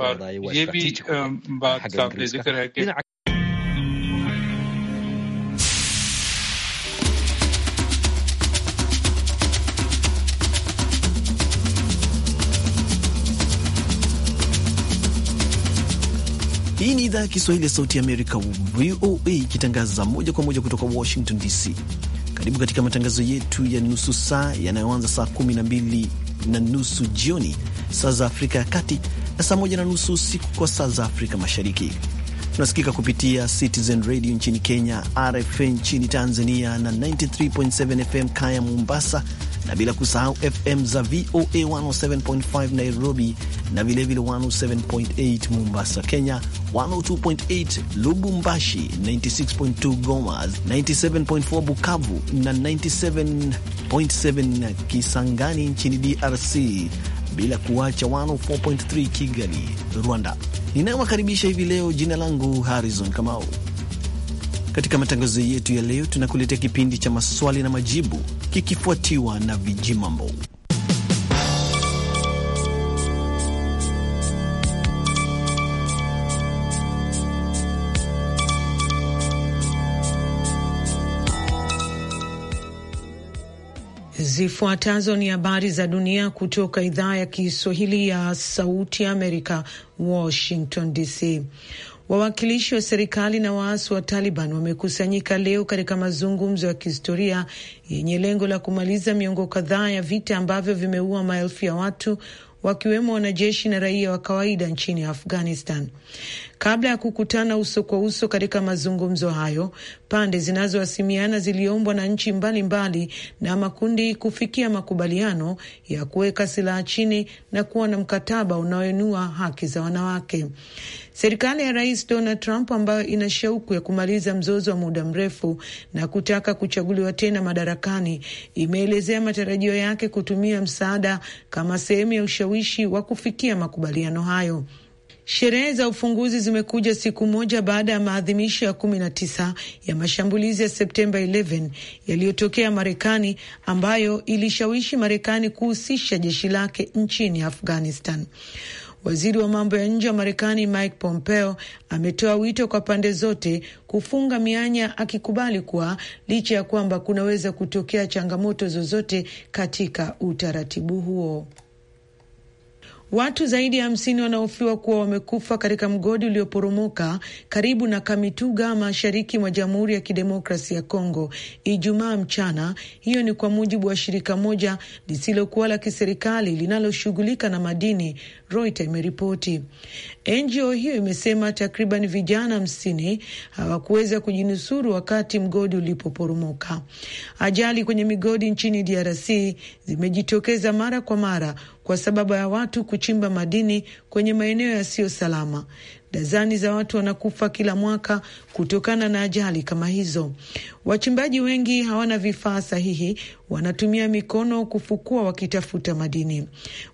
और ये भी बात सामने जिक्र है कि Hii ni idhaa ya Kiswahili ya Sauti ya Amerika, VOA, ikitangaza moja kwa moja kutoka Washington DC. Karibu katika matangazo yetu ya nusu saa yanayoanza saa 12 na nusu jioni saa za Afrika ya Kati na saa moja na nusu usiku kwa saa za Afrika Mashariki. Tunasikika kupitia Citizen Radio nchini Kenya, RFA nchini Tanzania na 93.7 FM Kaya Mombasa, na bila kusahau FM za VOA 107.5 Nairobi na vilevile 107.8 Mombasa, Kenya, 102.8 Lubumbashi, 96.2 Goma, 97.4 Bukavu na 97.7 Kisangani nchini DRC bila kuacha 104.3 Kigali, Rwanda. Ninawakaribisha hivi leo, jina langu Harrison Kamau. Katika matangazo yetu ya leo, tunakuletea kipindi cha maswali na majibu kikifuatiwa na vijimambo Zifuatazo ni habari za dunia kutoka idhaa ya Kiswahili ya Sauti ya Amerika, Washington DC. Wawakilishi wa serikali na waasi wa Taliban wamekusanyika leo katika mazungumzo ya kihistoria yenye lengo la kumaliza miongo kadhaa ya vita ambavyo vimeua maelfu ya watu wakiwemo wanajeshi na raia wa kawaida nchini Afghanistan. Kabla ya kukutana uso kwa uso katika mazungumzo hayo, pande zinazohasimiana ziliombwa na nchi mbalimbali mbali na makundi kufikia makubaliano ya kuweka silaha chini na kuwa na mkataba unaoinua haki za wanawake. Serikali ya Rais Donald Trump ambayo ina shauku ya kumaliza mzozo wa muda mrefu na kutaka kuchaguliwa tena madarakani imeelezea matarajio yake kutumia msaada kama sehemu ya ushawishi wa kufikia makubaliano hayo. Sherehe za ufunguzi zimekuja siku moja baada ya maadhimisho ya kumi na tisa ya mashambulizi ya Septemba 11 yaliyotokea Marekani, ambayo ilishawishi Marekani kuhusisha jeshi lake nchini Afghanistan. Waziri wa mambo ya nje wa Marekani Mike Pompeo ametoa wito kwa pande zote kufunga mianya, akikubali kuwa licha ya kwamba kunaweza kutokea changamoto zozote katika utaratibu huo. Watu zaidi ya hamsini wanaofiwa kuwa wamekufa katika mgodi ulioporomoka karibu na Kamituga, mashariki mwa Jamhuri ya Kidemokrasi ya Kongo Ijumaa mchana. Hiyo ni kwa mujibu wa shirika moja lisilokuwa la kiserikali linaloshughulika na madini Reuters imeripoti. NGO hiyo imesema takriban vijana hamsini hawakuweza kujinusuru wakati mgodi ulipoporomoka. Ajali kwenye migodi nchini DRC zimejitokeza mara kwa mara kwa sababu ya watu kuchimba madini kwenye maeneo yasiyo salama. Dazani za watu wanakufa kila mwaka kutokana na ajali kama hizo. Wachimbaji wengi hawana vifaa sahihi, wanatumia mikono kufukua wakitafuta madini.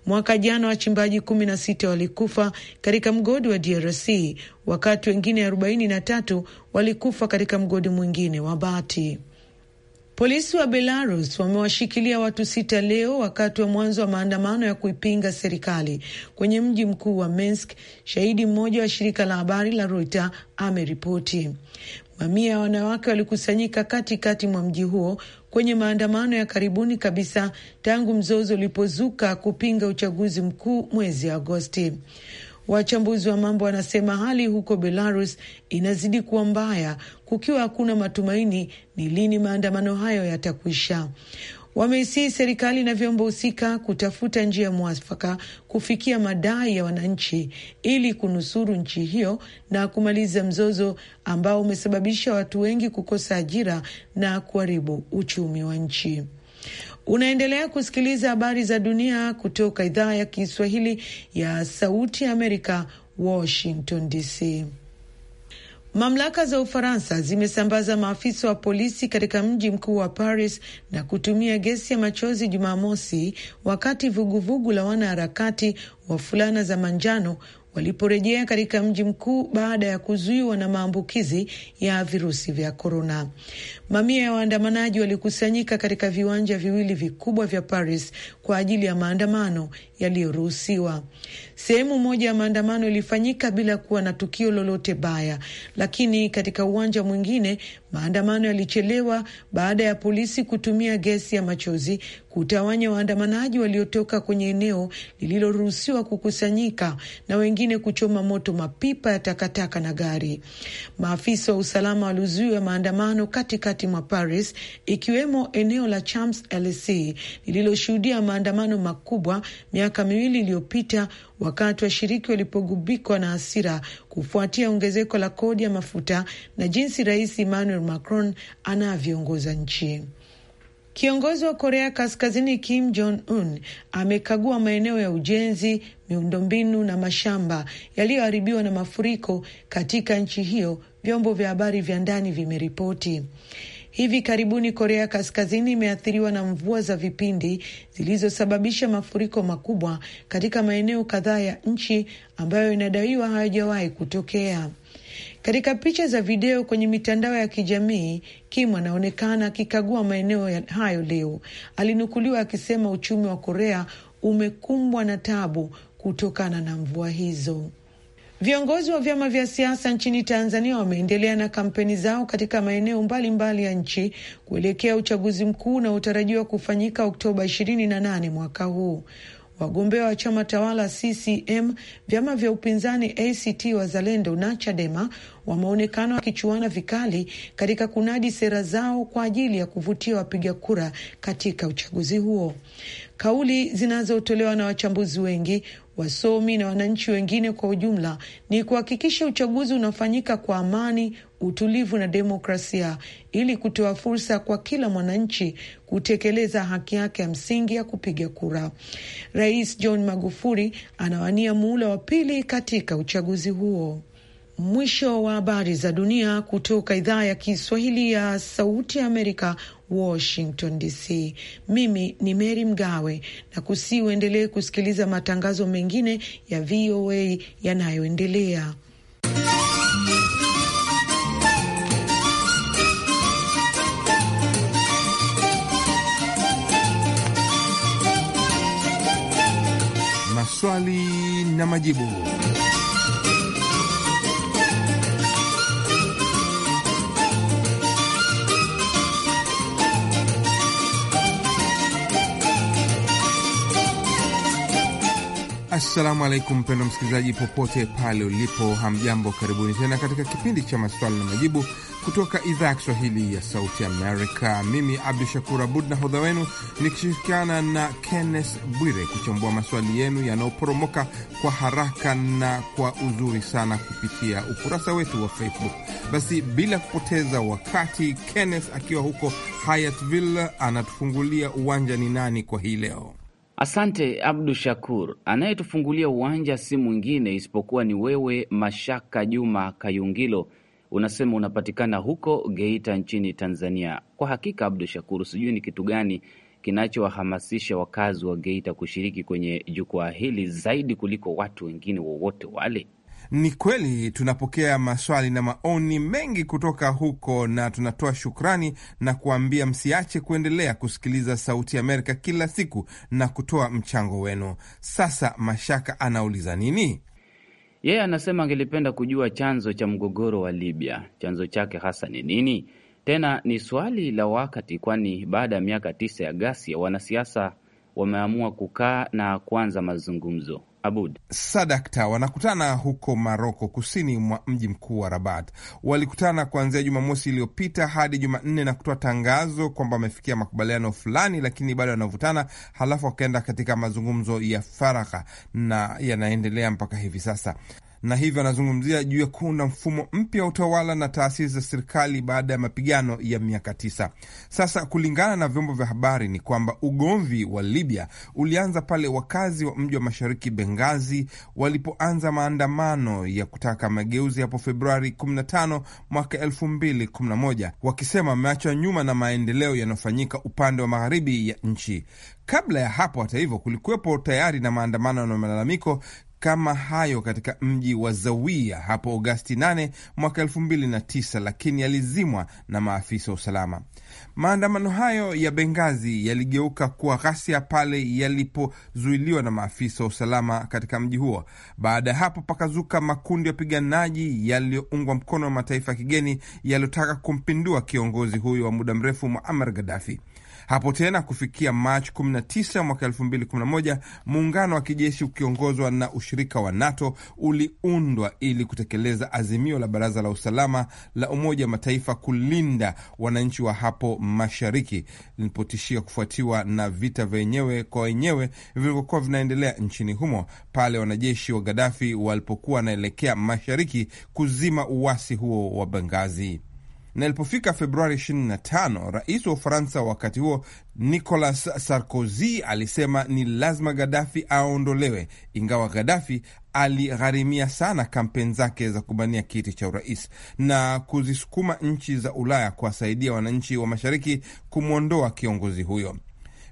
Mwaka jana wachimbaji kumi na sita walikufa katika mgodi wa DRC wakati wengine arobaini na tatu walikufa katika mgodi mwingine wa bati. Polisi wa Belarus wamewashikilia watu sita leo wakati wa mwanzo wa maandamano ya kuipinga serikali kwenye mji mkuu wa Minsk. Shahidi mmoja wa shirika la habari la Reuters ameripoti. Mamia ya wanawake walikusanyika katikati mwa mji huo kwenye maandamano ya karibuni kabisa tangu mzozo ulipozuka kupinga uchaguzi mkuu mwezi Agosti. Wachambuzi wa mambo wanasema hali huko Belarus inazidi kuwa mbaya, kukiwa hakuna matumaini ni lini maandamano hayo yatakwisha. Wameisihi serikali na vyombo husika kutafuta njia mwafaka kufikia madai ya wananchi ili kunusuru nchi hiyo na kumaliza mzozo ambao umesababisha watu wengi kukosa ajira na kuharibu uchumi wa nchi. Unaendelea kusikiliza habari za dunia kutoka idhaa ya Kiswahili ya Sauti ya Amerika, Washington DC. Mamlaka za Ufaransa zimesambaza maafisa wa polisi katika mji mkuu wa Paris na kutumia gesi ya machozi Jumamosi, wakati vuguvugu la wanaharakati wa fulana za manjano waliporejea katika mji mkuu baada ya kuzuiwa na maambukizi ya virusi vya korona. Mamia ya waandamanaji walikusanyika katika viwanja viwili vikubwa vya Paris kwa ajili ya maandamano yaliyoruhusiwa. Sehemu moja ya maandamano ilifanyika bila kuwa na tukio lolote baya, lakini katika uwanja mwingine maandamano yalichelewa baada ya polisi kutumia gesi ya machozi kutawanya waandamanaji waliotoka kwenye eneo lililoruhusiwa kukusanyika na wengine kuchoma moto mapipa ya takataka na gari. Maafisa wa usalama walizuia maandamano katikati katikati mwa Paris, ikiwemo eneo la Champs Elysees lililoshuhudia maandamano makubwa miaka miwili iliyopita, wakati washiriki walipogubikwa na hasira kufuatia ongezeko la kodi ya mafuta na jinsi Rais Emmanuel Macron anavyoongoza nchi. Kiongozi wa Korea Kaskazini Kim Jong Un amekagua maeneo ya ujenzi, miundombinu na mashamba yaliyoharibiwa na mafuriko katika nchi hiyo, vyombo vya habari vya ndani vimeripoti. Hivi karibuni Korea Kaskazini imeathiriwa na mvua za vipindi zilizosababisha mafuriko makubwa katika maeneo kadhaa ya nchi ambayo inadaiwa hayajawahi kutokea. Katika picha za video kwenye mitandao ya kijamii, Kim anaonekana akikagua maeneo hayo leo. Alinukuliwa akisema uchumi wa Korea umekumbwa na tabu kutokana na mvua hizo. Viongozi wa vyama vya siasa nchini Tanzania wameendelea na kampeni zao katika maeneo mbalimbali ya nchi kuelekea uchaguzi mkuu unaotarajiwa kufanyika Oktoba 28 mwaka huu. Wagombea wa chama tawala CCM, vyama vya upinzani ACT Wazalendo na Chadema wameonekana wakichuana vikali katika kunadi sera zao kwa ajili ya kuvutia wapiga kura katika uchaguzi huo. Kauli zinazotolewa na wachambuzi wengi wasomi na wananchi wengine kwa ujumla ni kuhakikisha uchaguzi unafanyika kwa amani, utulivu na demokrasia ili kutoa fursa kwa kila mwananchi kutekeleza haki yake ya msingi ya kupiga kura. Rais John Magufuli anawania muhula wa pili katika uchaguzi huo. Mwisho wa habari za dunia kutoka idhaa ya Kiswahili ya Sauti ya Amerika, Washington DC. Mimi ni Meri Mgawe, na kusi uendelee kusikiliza matangazo mengine ya VOA yanayoendelea. Maswali na majibu. Assalamu alaikum, mpendo msikilizaji popote pale ulipo, hamjambo. Karibuni tena katika kipindi cha maswali na majibu kutoka idhaa ya Kiswahili ya Sauti Amerika. Mimi Abdu Shakur Abud na hodha wenu nikishirikiana na Kenneth Bwire kuchambua maswali yenu yanayoporomoka kwa haraka na kwa uzuri sana kupitia ukurasa wetu wa Facebook. Basi bila kupoteza wakati, Kenneth akiwa huko hyatville anatufungulia uwanja ni nani kwa hii leo. Asante Abdu Shakur. Anayetufungulia uwanja si mwingine isipokuwa ni wewe, Mashaka Juma Kayungilo. Unasema unapatikana huko Geita nchini Tanzania. Kwa hakika, Abdu Shakur, sijui ni kitu gani kinachowahamasisha wakazi wa Geita kushiriki kwenye jukwaa hili zaidi kuliko watu wengine wowote wale. Ni kweli tunapokea maswali na maoni mengi kutoka huko, na tunatoa shukrani na kuambia msiache kuendelea kusikiliza Sauti Amerika kila siku na kutoa mchango wenu. Sasa Mashaka anauliza nini? Yeye yeah, anasema angelipenda kujua chanzo cha mgogoro wa Libya, chanzo chake hasa ni nini? Tena ni swali la wakati, kwani baada ya miaka tisa ya ghasia wanasiasa wameamua kukaa na kuanza mazungumzo. Abud Sadakta wanakutana huko Maroko, kusini mwa mji mkuu wa Rabat. Walikutana kuanzia Jumamosi iliyopita hadi Jumanne na kutoa tangazo kwamba wamefikia makubaliano fulani, lakini bado wanavutana, halafu wakaenda katika mazungumzo ya faragha na yanaendelea mpaka hivi sasa na hivyo anazungumzia juu ya kuunda mfumo mpya wa utawala na taasisi za serikali baada ya mapigano ya miaka tisa. Sasa, kulingana na vyombo vya habari ni kwamba ugomvi wa Libya ulianza pale wakazi wa mji wa mashariki Bengazi walipoanza maandamano ya kutaka mageuzi hapo Februari 15 mwaka 2011 wakisema wameachwa nyuma na maendeleo yanayofanyika upande wa magharibi ya nchi. Kabla ya hapo, hata hivyo, kulikuwepo tayari na maandamano na malalamiko kama hayo katika mji wa zawia hapo Agosti 8 mwaka 2009, lakini yalizimwa na maafisa wa usalama. Maandamano hayo ya Bengazi yaligeuka kuwa ghasia pale yalipozuiliwa na maafisa wa usalama katika mji huo. Baada ya hapo, pakazuka makundi ya wapiganaji yaliyoungwa mkono na mataifa ya kigeni yaliyotaka kumpindua kiongozi huyo wa muda mrefu Muammar Gaddafi. Hapo tena kufikia Machi 19 mwaka 2011 muungano wa kijeshi ukiongozwa na ushirika wa NATO uliundwa ili kutekeleza azimio la Baraza la Usalama la Umoja wa Mataifa kulinda wananchi wa hapo mashariki lilipotishia kufuatiwa na vita vyenyewe kwa wenyewe vilivyokuwa vinaendelea nchini humo pale wanajeshi wa gadafi walipokuwa wanaelekea mashariki kuzima uwasi huo wa Bengazi na ilipofika Februari 25, rais wa Ufaransa wakati huo Nicolas Sarkozy alisema ni lazima Gadafi aondolewe, ingawa Gadafi aligharimia sana kampeni zake za kubania kiti cha urais na kuzisukuma nchi za Ulaya kuwasaidia wananchi wa mashariki kumwondoa kiongozi huyo.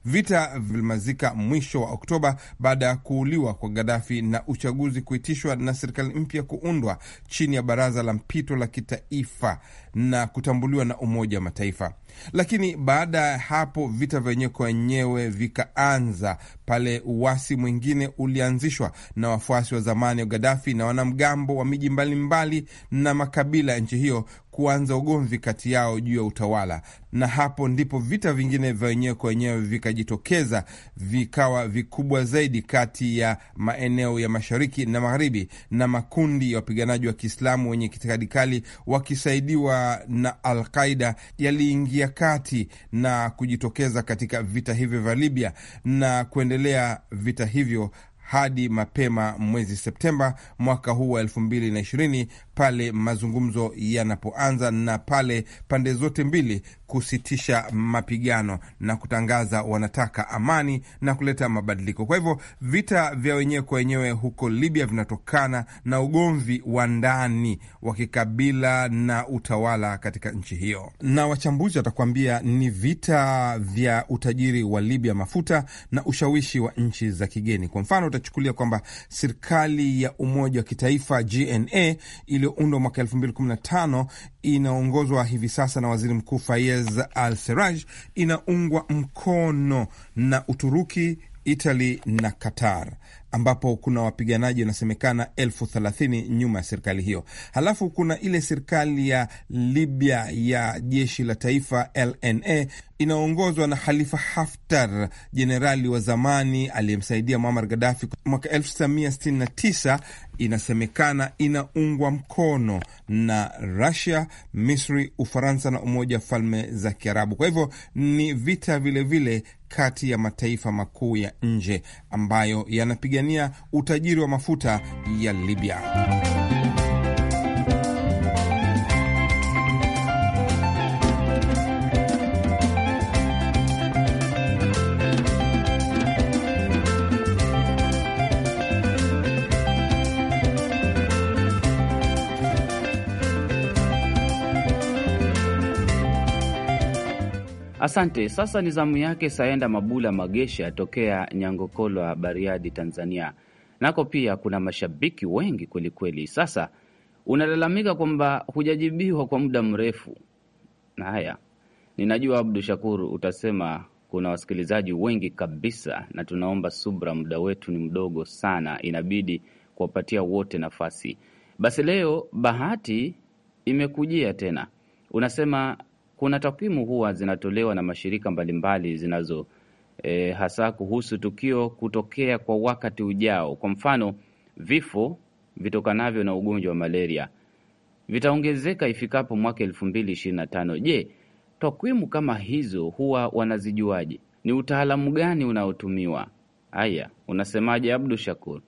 Vita vilimalizika mwisho wa Oktoba baada ya kuuliwa kwa Gaddafi na uchaguzi kuitishwa na serikali mpya kuundwa chini ya baraza la mpito la kitaifa na kutambuliwa na Umoja wa Mataifa. Lakini baada ya hapo vita vyenyewe kwa wenyewe vikaanza pale uwasi mwingine ulianzishwa na wafuasi wa zamani wa Gaddafi na wanamgambo wa miji mbalimbali na makabila ya nchi hiyo kuanza ugomvi kati yao juu ya utawala, na hapo ndipo vita vingine vya wenyewe kwa wenyewe vikajitokeza, vikawa vikubwa zaidi kati ya maeneo ya mashariki na magharibi, na makundi ya wapiganaji wa Kiislamu wenye itikadi kali wakisaidiwa na Alqaida yaliingia kati na kujitokeza katika vita hivyo vya Libya na kuendelea kuendelea vita hivyo hadi mapema mwezi Septemba mwaka huu wa elfu mbili na ishirini pale mazungumzo yanapoanza na pale pande zote mbili kusitisha mapigano na kutangaza wanataka amani na kuleta mabadiliko. Kwa hivyo vita vya wenyewe kwa wenyewe huko Libya vinatokana na ugomvi wa ndani wa kikabila na utawala katika nchi hiyo, na wachambuzi watakuambia ni vita vya utajiri wa Libya, mafuta na ushawishi wa nchi za kigeni. Kwa mfano utachukulia kwamba serikali ya umoja wa kitaifa GNA ili iliyoundwa mwaka 2015 inaongozwa hivi sasa na waziri mkuu Fayez Al Seraj, inaungwa mkono na Uturuki, Italy na Qatar ambapo kuna wapiganaji wanasemekana elfu thelathini nyuma ya serikali hiyo. Halafu kuna ile serikali ya Libya ya jeshi la taifa LNA inayoongozwa na halifa Haftar, jenerali wa zamani aliyemsaidia Muammar Gaddafi mwaka 1969. Inasemekana inaungwa mkono na Russia, Misri, Ufaransa na Umoja wa Falme za Kiarabu. Kwa hivyo ni vita vilevile vile kati ya mataifa makuu ya nje ambayo yanapigania utajiri wa mafuta ya Libya. Asante. Sasa ni zamu yake Saenda Mabula Magesha tokea Nyangokolwa, Bariadi, Tanzania. Nako pia kuna mashabiki wengi kwelikweli. Sasa unalalamika kwamba hujajibiwa kwa muda mrefu. Haya, ninajua Abdu shakur utasema kuna wasikilizaji wengi kabisa, na tunaomba subra, muda wetu ni mdogo sana, inabidi kuwapatia wote nafasi. Basi leo bahati imekujia tena, unasema kuna takwimu huwa zinatolewa na mashirika mbalimbali zinazo e, hasa kuhusu tukio kutokea kwa wakati ujao. Kwa mfano, vifo vitokanavyo na ugonjwa wa malaria vitaongezeka ifikapo mwaka elfu mbili ishirini na tano. Je, takwimu kama hizo huwa wanazijuaje? Ni utaalamu gani unaotumiwa? Haya, unasemaje Abdu Shakur?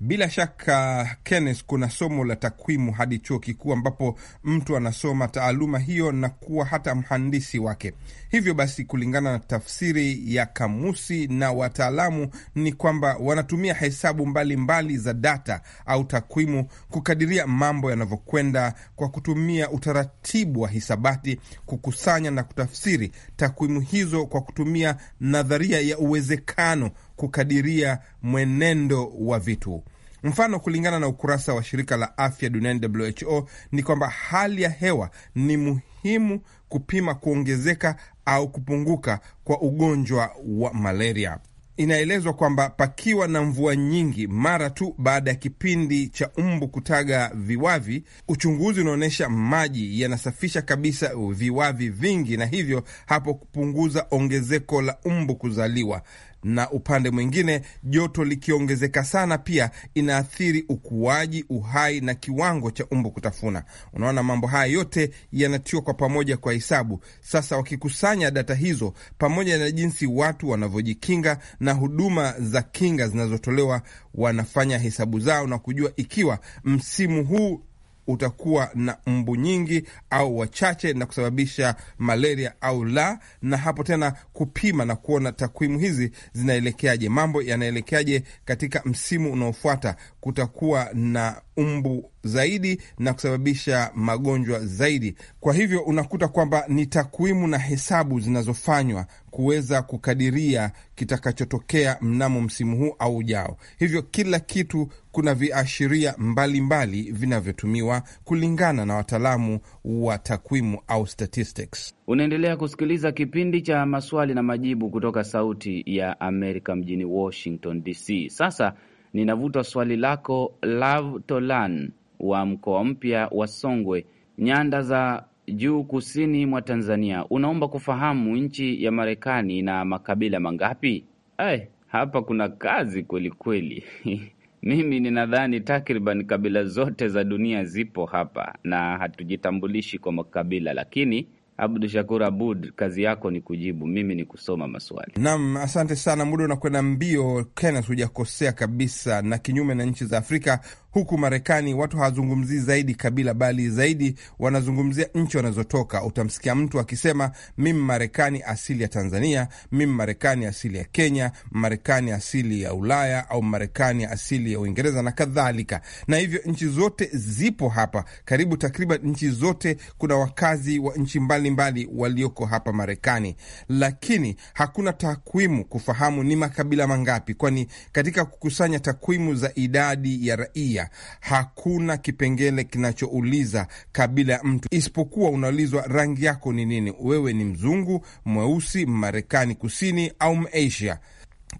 Bila shaka Kenneth, kuna somo la takwimu hadi chuo kikuu ambapo mtu anasoma taaluma hiyo na kuwa hata mhandisi wake. Hivyo basi, kulingana na tafsiri ya kamusi na wataalamu ni kwamba wanatumia hesabu mbalimbali mbali za data au takwimu kukadiria mambo yanavyokwenda kwa kutumia utaratibu wa hisabati, kukusanya na kutafsiri takwimu hizo kwa kutumia nadharia ya uwezekano kukadiria mwenendo wa vitu. Mfano, kulingana na ukurasa wa shirika la afya duniani WHO ni kwamba hali ya hewa ni muhimu kupima kuongezeka au kupunguka kwa ugonjwa wa malaria. Inaelezwa kwamba pakiwa na mvua nyingi mara tu baada ya kipindi cha mbu kutaga viwavi, uchunguzi unaonyesha maji yanasafisha kabisa viwavi vingi, na hivyo hapo kupunguza ongezeko la mbu kuzaliwa na upande mwingine joto likiongezeka sana pia inaathiri ukuaji, uhai na kiwango cha umbu kutafuna. Unaona, mambo haya yote yanatiwa kwa pamoja kwa hesabu. Sasa wakikusanya data hizo pamoja na jinsi watu wanavyojikinga na huduma za kinga zinazotolewa, wanafanya hesabu zao na kujua ikiwa msimu huu utakuwa na mbu nyingi au wachache na kusababisha malaria au la, na hapo tena kupima na kuona takwimu hizi zinaelekeaje, mambo yanaelekeaje katika msimu unaofuata. Kutakuwa na mbu zaidi na kusababisha magonjwa zaidi. Kwa hivyo unakuta kwamba ni takwimu na hesabu zinazofanywa kuweza kukadiria kitakachotokea mnamo msimu huu au ujao. Hivyo kila kitu kuna viashiria mbalimbali vinavyotumiwa kulingana na wataalamu wa takwimu au statistics. Unaendelea kusikiliza kipindi cha maswali na majibu kutoka Sauti ya Amerika mjini Washington DC. Sasa ninavuta swali lako Love Tolan wa mkoa mpya wa Songwe, nyanda za juu kusini mwa Tanzania, unaomba kufahamu nchi ya Marekani na makabila mangapi? Ay, eh, hapa kuna kazi kweli kweli. Mimi ninadhani takriban kabila zote za dunia zipo hapa na hatujitambulishi kwa makabila, lakini Abdu Shakur Abud, kazi yako ni kujibu, mimi ni kusoma maswali. Naam, asante sana, muda unakwenda mbio. Kenneth, hujakosea kabisa, na kinyume na nchi za Afrika Huku Marekani watu hawazungumzii zaidi kabila, bali zaidi wanazungumzia nchi wanazotoka. Utamsikia mtu akisema mimi Marekani asili ya Tanzania, mimi Marekani asili ya Kenya, Marekani asili ya Ulaya au Marekani asili ya Uingereza na kadhalika. Na hivyo nchi zote zipo hapa, karibu takriban nchi zote kuna wakazi wa nchi mbalimbali walioko hapa Marekani, lakini hakuna takwimu kufahamu ni makabila mangapi, kwani katika kukusanya takwimu za idadi ya raia sheria hakuna kipengele kinachouliza kabila ya mtu, isipokuwa unaulizwa rangi yako ni nini, wewe ni mzungu, mweusi, Mmarekani kusini au Masia.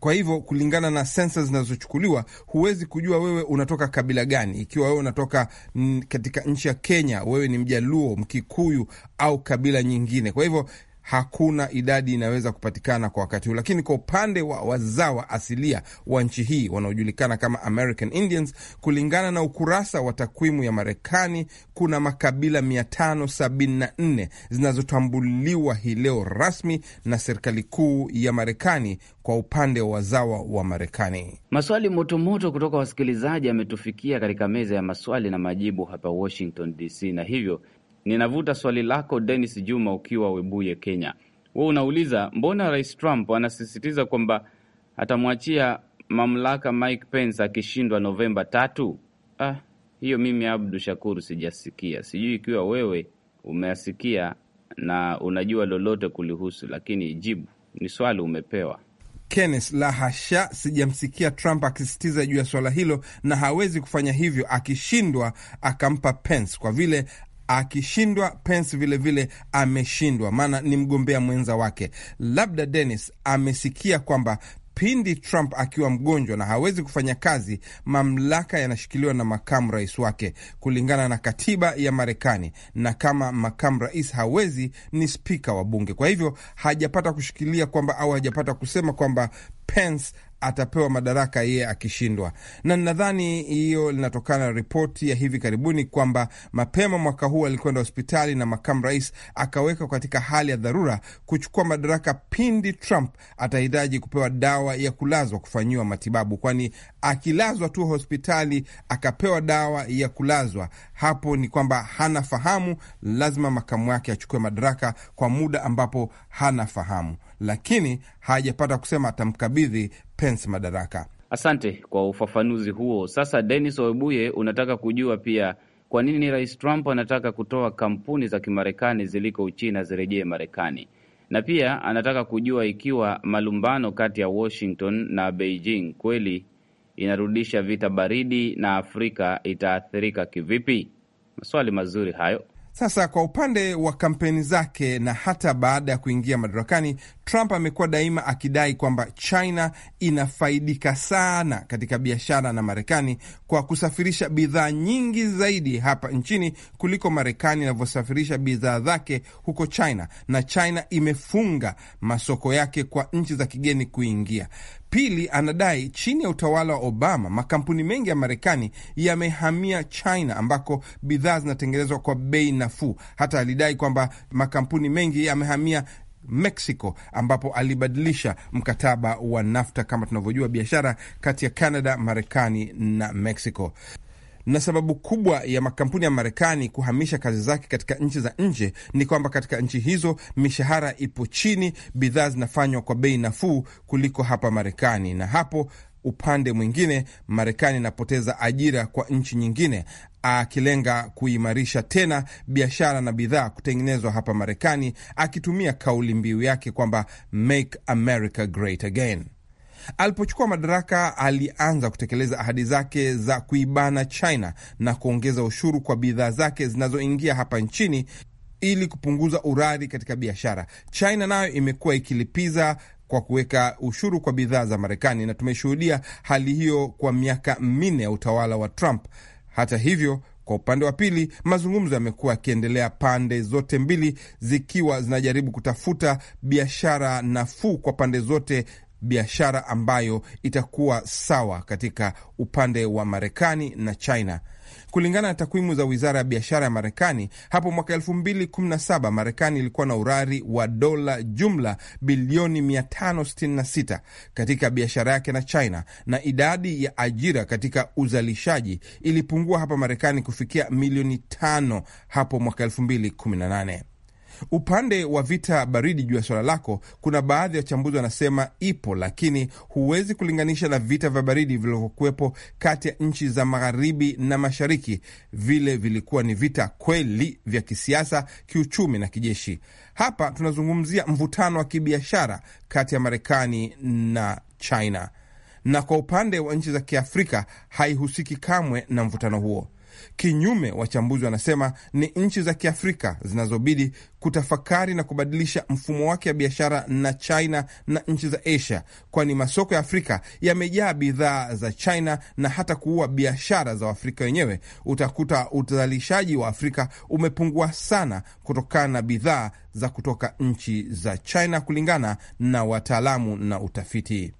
Kwa hivyo kulingana na sensa zinazochukuliwa, huwezi kujua wewe unatoka kabila gani. Ikiwa wewe unatoka katika nchi ya Kenya, wewe ni Mjaluo, Mkikuyu au kabila nyingine. Kwa hivyo hakuna idadi inaweza kupatikana kwa wakati huu, lakini kwa upande wa wazawa asilia wa nchi hii wanaojulikana kama American Indians, kulingana na ukurasa wa takwimu ya Marekani, kuna makabila 574 zinazotambuliwa hii leo rasmi na serikali kuu ya Marekani kwa upande wa wazawa wa Marekani. Maswali motomoto kutoka wasikilizaji ametufikia katika meza ya maswali na majibu hapa Washington DC, na hivyo Ninavuta swali lako denis Juma ukiwa Webuye, Kenya. We unauliza mbona Rais Trump anasisitiza kwamba atamwachia mamlaka Mike Pence akishindwa Novemba tatu? Ah, hiyo mimi Abdu Shakuru sijasikia, sijui ikiwa wewe umeasikia na unajua lolote kulihusu, lakini jibu ni swali umepewa. Kenneth, la hasha, sijamsikia Trump akisisitiza juu ya swala hilo, na hawezi kufanya hivyo akishindwa akampa Pence, kwa vile akishindwa Pence vilevile ameshindwa, maana ni mgombea mwenza wake. Labda Dennis amesikia kwamba pindi Trump akiwa mgonjwa na hawezi kufanya kazi, mamlaka yanashikiliwa na makamu rais wake kulingana na katiba ya Marekani, na kama makamu rais hawezi, ni spika wa bunge. Kwa hivyo hajapata kushikilia kwamba au hajapata kusema kwamba Pence atapewa madaraka yeye akishindwa, na nadhani hiyo linatokana na ripoti ya hivi karibuni kwamba mapema mwaka huu alikwenda hospitali na makamu rais akawekwa katika hali ya dharura kuchukua madaraka pindi Trump atahitaji kupewa dawa ya kulazwa kufanyiwa matibabu, kwani akilazwa tu hospitali akapewa dawa ya kulazwa, hapo ni kwamba hana fahamu. Lazima makamu wake achukue madaraka kwa muda ambapo hana fahamu, lakini hajapata kusema atamkabidhi Pence madaraka. Asante kwa ufafanuzi huo. Sasa Denis Oebuye, unataka kujua pia kwa nini Rais Trump anataka kutoa kampuni za Kimarekani ziliko Uchina zirejee Marekani, na pia anataka kujua ikiwa malumbano kati ya Washington na Beijing kweli inarudisha vita baridi na Afrika itaathirika kivipi. Maswali mazuri hayo. Sasa kwa upande wa kampeni zake na hata baada ya kuingia madarakani, Trump amekuwa daima akidai kwamba China inafaidika sana katika biashara na Marekani kwa kusafirisha bidhaa nyingi zaidi hapa nchini kuliko Marekani inavyosafirisha bidhaa zake huko China, na China imefunga masoko yake kwa nchi za kigeni kuingia. Pili, anadai chini ya utawala wa Obama makampuni mengi ya Marekani yamehamia China ambako bidhaa zinatengenezwa kwa bei nafuu. Hata alidai kwamba makampuni mengi yamehamia Mexico ambapo alibadilisha mkataba wa NAFTA kama tunavyojua biashara kati ya Canada, Marekani na Mexico na sababu kubwa ya makampuni ya Marekani kuhamisha kazi zake katika nchi za nje ni kwamba katika nchi hizo mishahara ipo chini, bidhaa zinafanywa kwa bei nafuu kuliko hapa Marekani, na hapo upande mwingine Marekani inapoteza ajira kwa nchi nyingine, akilenga kuimarisha tena biashara na bidhaa kutengenezwa hapa Marekani, akitumia kauli mbiu yake kwamba Make America Great Again. Alipochukua madaraka, alianza kutekeleza ahadi zake za kuibana China na kuongeza ushuru kwa bidhaa zake zinazoingia hapa nchini ili kupunguza urari katika biashara. China nayo imekuwa ikilipiza kwa kuweka ushuru kwa bidhaa za Marekani, na tumeshuhudia hali hiyo kwa miaka minne ya utawala wa Trump. Hata hivyo, kwa upande wa pili, mazungumzo yamekuwa yakiendelea, pande zote mbili zikiwa zinajaribu kutafuta biashara nafuu kwa pande zote biashara ambayo itakuwa sawa katika upande wa Marekani na China. Kulingana na takwimu za wizara ya biashara ya Marekani, hapo mwaka 2017 Marekani ilikuwa na urari wa dola jumla bilioni 566 katika biashara yake na China, na idadi ya ajira katika uzalishaji ilipungua hapa Marekani kufikia milioni tano hapo mwaka 2018. Upande wa vita baridi juu ya swala lako, kuna baadhi ya wachambuzi wanasema ipo, lakini huwezi kulinganisha na vita vya baridi vilivyokuwepo kati ya nchi za magharibi na mashariki. Vile vilikuwa ni vita kweli vya kisiasa, kiuchumi na kijeshi. Hapa tunazungumzia mvutano wa kibiashara kati ya Marekani na China, na kwa upande wa nchi za Kiafrika haihusiki kamwe na mvutano huo. Kinyume, wachambuzi wanasema ni nchi za Kiafrika zinazobidi kutafakari na kubadilisha mfumo wake wa biashara na China na nchi za Asia, kwani masoko ya Afrika yamejaa bidhaa za China na hata kuua biashara za Waafrika wenyewe. Utakuta uzalishaji wa Afrika umepungua sana kutokana na bidhaa za kutoka nchi za China, kulingana na wataalamu na utafiti.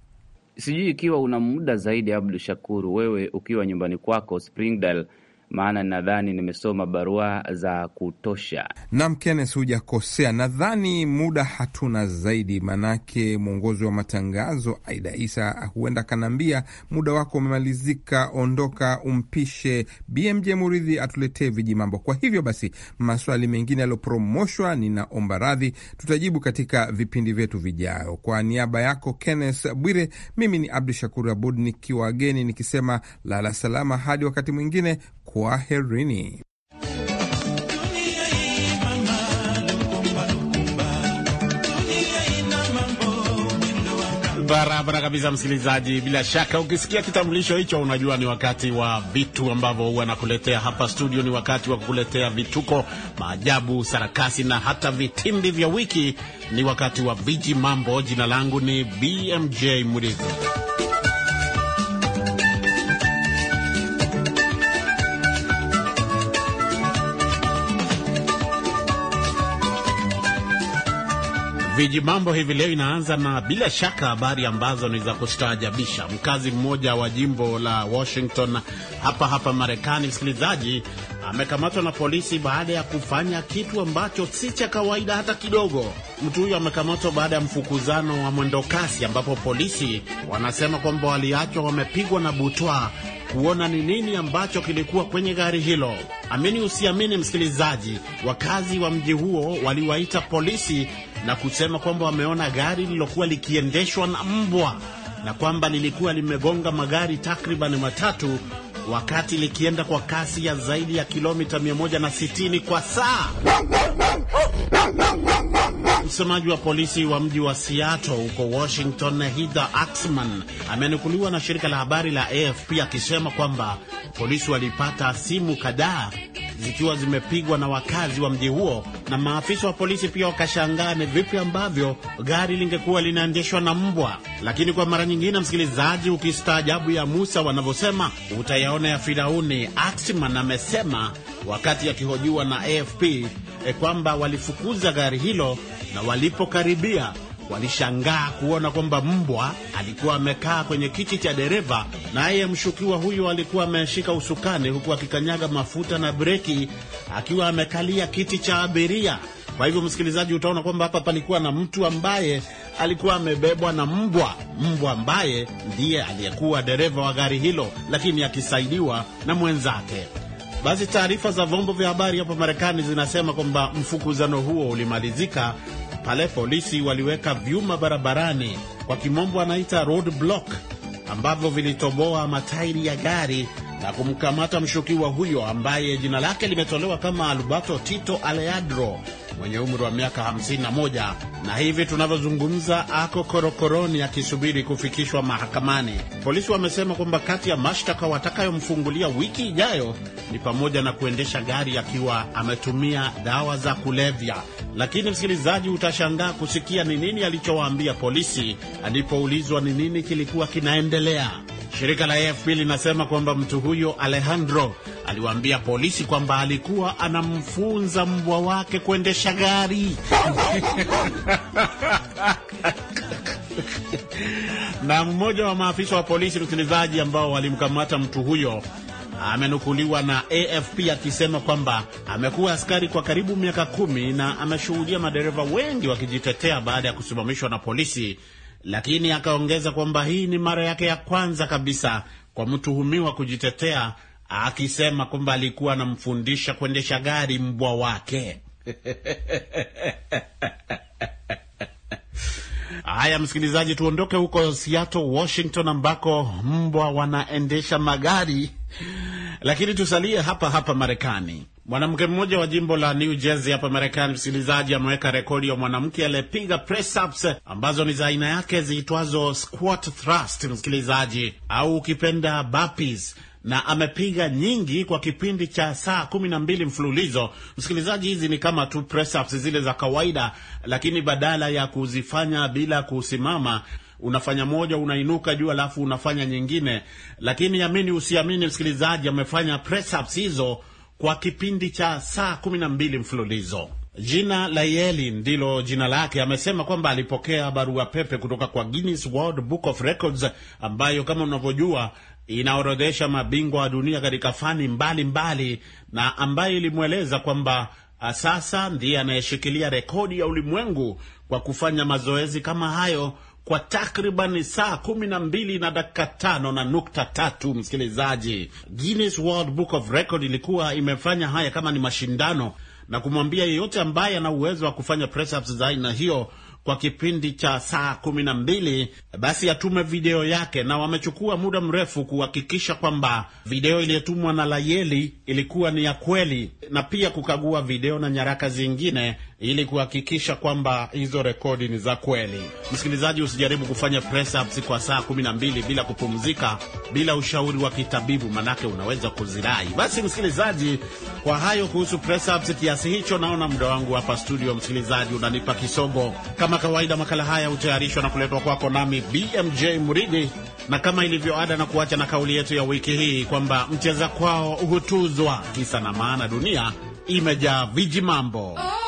Sijui ikiwa una muda zaidi, Abdu Shakuru, wewe ukiwa nyumbani kwako Springdale maana nadhani nimesoma barua za kutosha. Nam Kennes, hujakosea. Nadhani muda hatuna zaidi, manake mwongozi wa matangazo Aida Isa huenda akanaambia muda wako umemalizika, ondoka umpishe BMJ Muridhi atuletee viji mambo. Kwa hivyo basi, maswali mengine yaliyopromoshwa ninaomba radhi, tutajibu katika vipindi vyetu vijayo. Kwa niaba yako Kennes Bwire, mimi ni Abdu Shakur Abud nikiwageni nikisema lala salama hadi wakati mwingine. Kwaherini. Barabara kabisa, msikilizaji. Bila shaka ukisikia kitambulisho hicho, unajua ni wakati wa vitu ambavyo huwa nakuletea hapa studio. Ni wakati wa kukuletea vituko, maajabu, sarakasi na hata vitimbi vya wiki. Ni wakati wa viji mambo. Jina langu ni BMJ Murithi. Viji mambo hivi leo inaanza na bila shaka habari ambazo ni za kustaajabisha. Mkazi mmoja wa jimbo la Washington hapa hapa Marekani, msikilizaji, amekamatwa na polisi baada ya kufanya kitu ambacho si cha kawaida hata kidogo. Mtu huyo amekamatwa baada ya mfukuzano wa mwendokasi, ambapo polisi wanasema kwamba waliachwa wamepigwa na butwa kuona ni nini ambacho kilikuwa kwenye gari hilo. Amini usiamini, msikilizaji, wakazi wa mji huo waliwaita polisi na kusema kwamba wameona gari lililokuwa likiendeshwa na mbwa na kwamba lilikuwa limegonga magari takriban matatu wakati likienda kwa kasi ya zaidi ya kilomita 160 kwa saa. Msemaji wa polisi wa mji wa Seattle huko Washington, Heather Axman, amenukuliwa na shirika la habari la AFP akisema kwamba polisi walipata simu kadhaa zikiwa zimepigwa na wakazi wa mji huo, na maafisa wa polisi pia wakashangaa ni vipi ambavyo gari lingekuwa linaendeshwa na mbwa. Lakini kwa mara nyingine, msikilizaji, ukistaajabu ya Musa wanavyosema, utayaona ya Firauni. Aksiman amesema wakati akihojiwa na AFP e, eh, kwamba walifukuza gari hilo na walipokaribia walishangaa kuona kwamba mbwa alikuwa amekaa kwenye kiti cha dereva, naye mshukiwa huyo alikuwa ameshika usukani huku akikanyaga mafuta na breki akiwa amekalia kiti cha abiria. Kwa hivyo, msikilizaji, utaona kwamba hapa palikuwa na mtu ambaye alikuwa amebebwa na mbwa, mbwa ambaye ndiye aliyekuwa dereva wa gari hilo, lakini akisaidiwa na mwenzake. Basi taarifa za vyombo vya habari hapa Marekani zinasema kwamba mfukuzano huo ulimalizika pale polisi waliweka vyuma barabarani, kwa kimombo anaita road block, ambavyo vilitoboa matairi ya gari na kumkamata mshukiwa huyo ambaye jina lake limetolewa kama Alberto Tito aleadro mwenye umri wa miaka 51 na hivi tunavyozungumza ako korokoroni akisubiri kufikishwa mahakamani. Polisi wamesema kwamba kati ya mashtaka watakayomfungulia wiki ijayo ni pamoja na kuendesha gari akiwa ametumia dawa za kulevya. Lakini msikilizaji, utashangaa kusikia ni nini alichowaambia polisi alipoulizwa ni nini kilikuwa kinaendelea. Shirika la AFP linasema kwamba mtu huyo Alejandro aliwaambia polisi kwamba alikuwa anamfunza mbwa wake kuendesha gari. Na mmoja wa maafisa wa polisi, msikilizaji, ambao walimkamata mtu huyo amenukuliwa na AFP akisema kwamba amekuwa askari kwa karibu miaka kumi na ameshuhudia madereva wengi wakijitetea baada ya kusimamishwa na polisi lakini akaongeza kwamba hii ni mara yake ya kwanza kabisa kwa mtuhumiwa kujitetea, akisema kwamba alikuwa anamfundisha kuendesha gari mbwa wake. Haya, msikilizaji, tuondoke huko Seattle, Washington, ambako mbwa wanaendesha magari, lakini tusalie hapa hapa Marekani. Mwanamke mmoja wa jimbo la New Jersey hapa Marekani, msikilizaji, ameweka rekodi ya mwanamke aliyepiga press ups ambazo ni za aina yake ziitwazo squat thrust, msikilizaji, au ukipenda burpees na amepiga nyingi kwa kipindi cha saa kumi na mbili mfululizo. Msikilizaji, hizi ni kama tu press ups zile za kawaida, lakini badala ya kuzifanya bila kusimama unafanya moja, unainuka juu, alafu unafanya nyingine. Lakini amini usiamini, msikilizaji, amefanya press ups hizo kwa kipindi cha saa kumi na mbili mfululizo. Jina la Yeli ndilo jina lake. Amesema kwamba alipokea barua pepe kutoka kwa Guinness World Book of Records ambayo kama unavyojua inaorodhesha mabingwa wa dunia katika fani mbalimbali mbali, na ambayo ilimweleza kwamba ah, sasa ndiye anayeshikilia rekodi ya ulimwengu kwa kufanya mazoezi kama hayo kwa takriban saa kumi na mbili na dakika tano na nukta tatu. Msikilizaji, Guinness World Book of Record ilikuwa imefanya haya kama ni mashindano na kumwambia yeyote ambaye ana uwezo wa kufanya press ups za aina hiyo kwa kipindi cha saa kumi na mbili basi atume video yake, na wamechukua muda mrefu kuhakikisha kwamba video iliyotumwa na Layeli ilikuwa ni ya kweli, na pia kukagua video na nyaraka zingine ili kuhakikisha kwamba hizo rekodi ni za kweli. Msikilizaji, usijaribu kufanya press ups kwa saa 12 bila kupumzika, bila ushauri wa kitabibu, manake unaweza kuzirai. Basi msikilizaji, kwa hayo kuhusu press ups kiasi hicho, naona muda wangu hapa studio, msikilizaji, unanipa kisogo. Kama kawaida, makala haya hutayarishwa na kuletwa kwako nami BMJ Muridi, na kama ilivyo ada, na kuacha na kauli yetu ya wiki hii kwamba mcheza kwao hutuzwa, kisa na maana dunia imejaa viji mambo oh.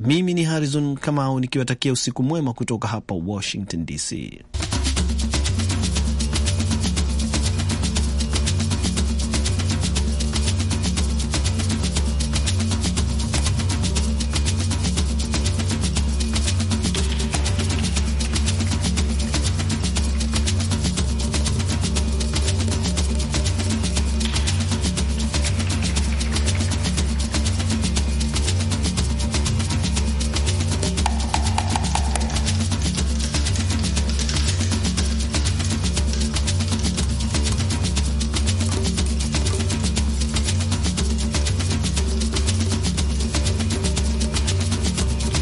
mimi ni Harrison Kamau nikiwatakia usiku mwema kutoka hapa Washington DC.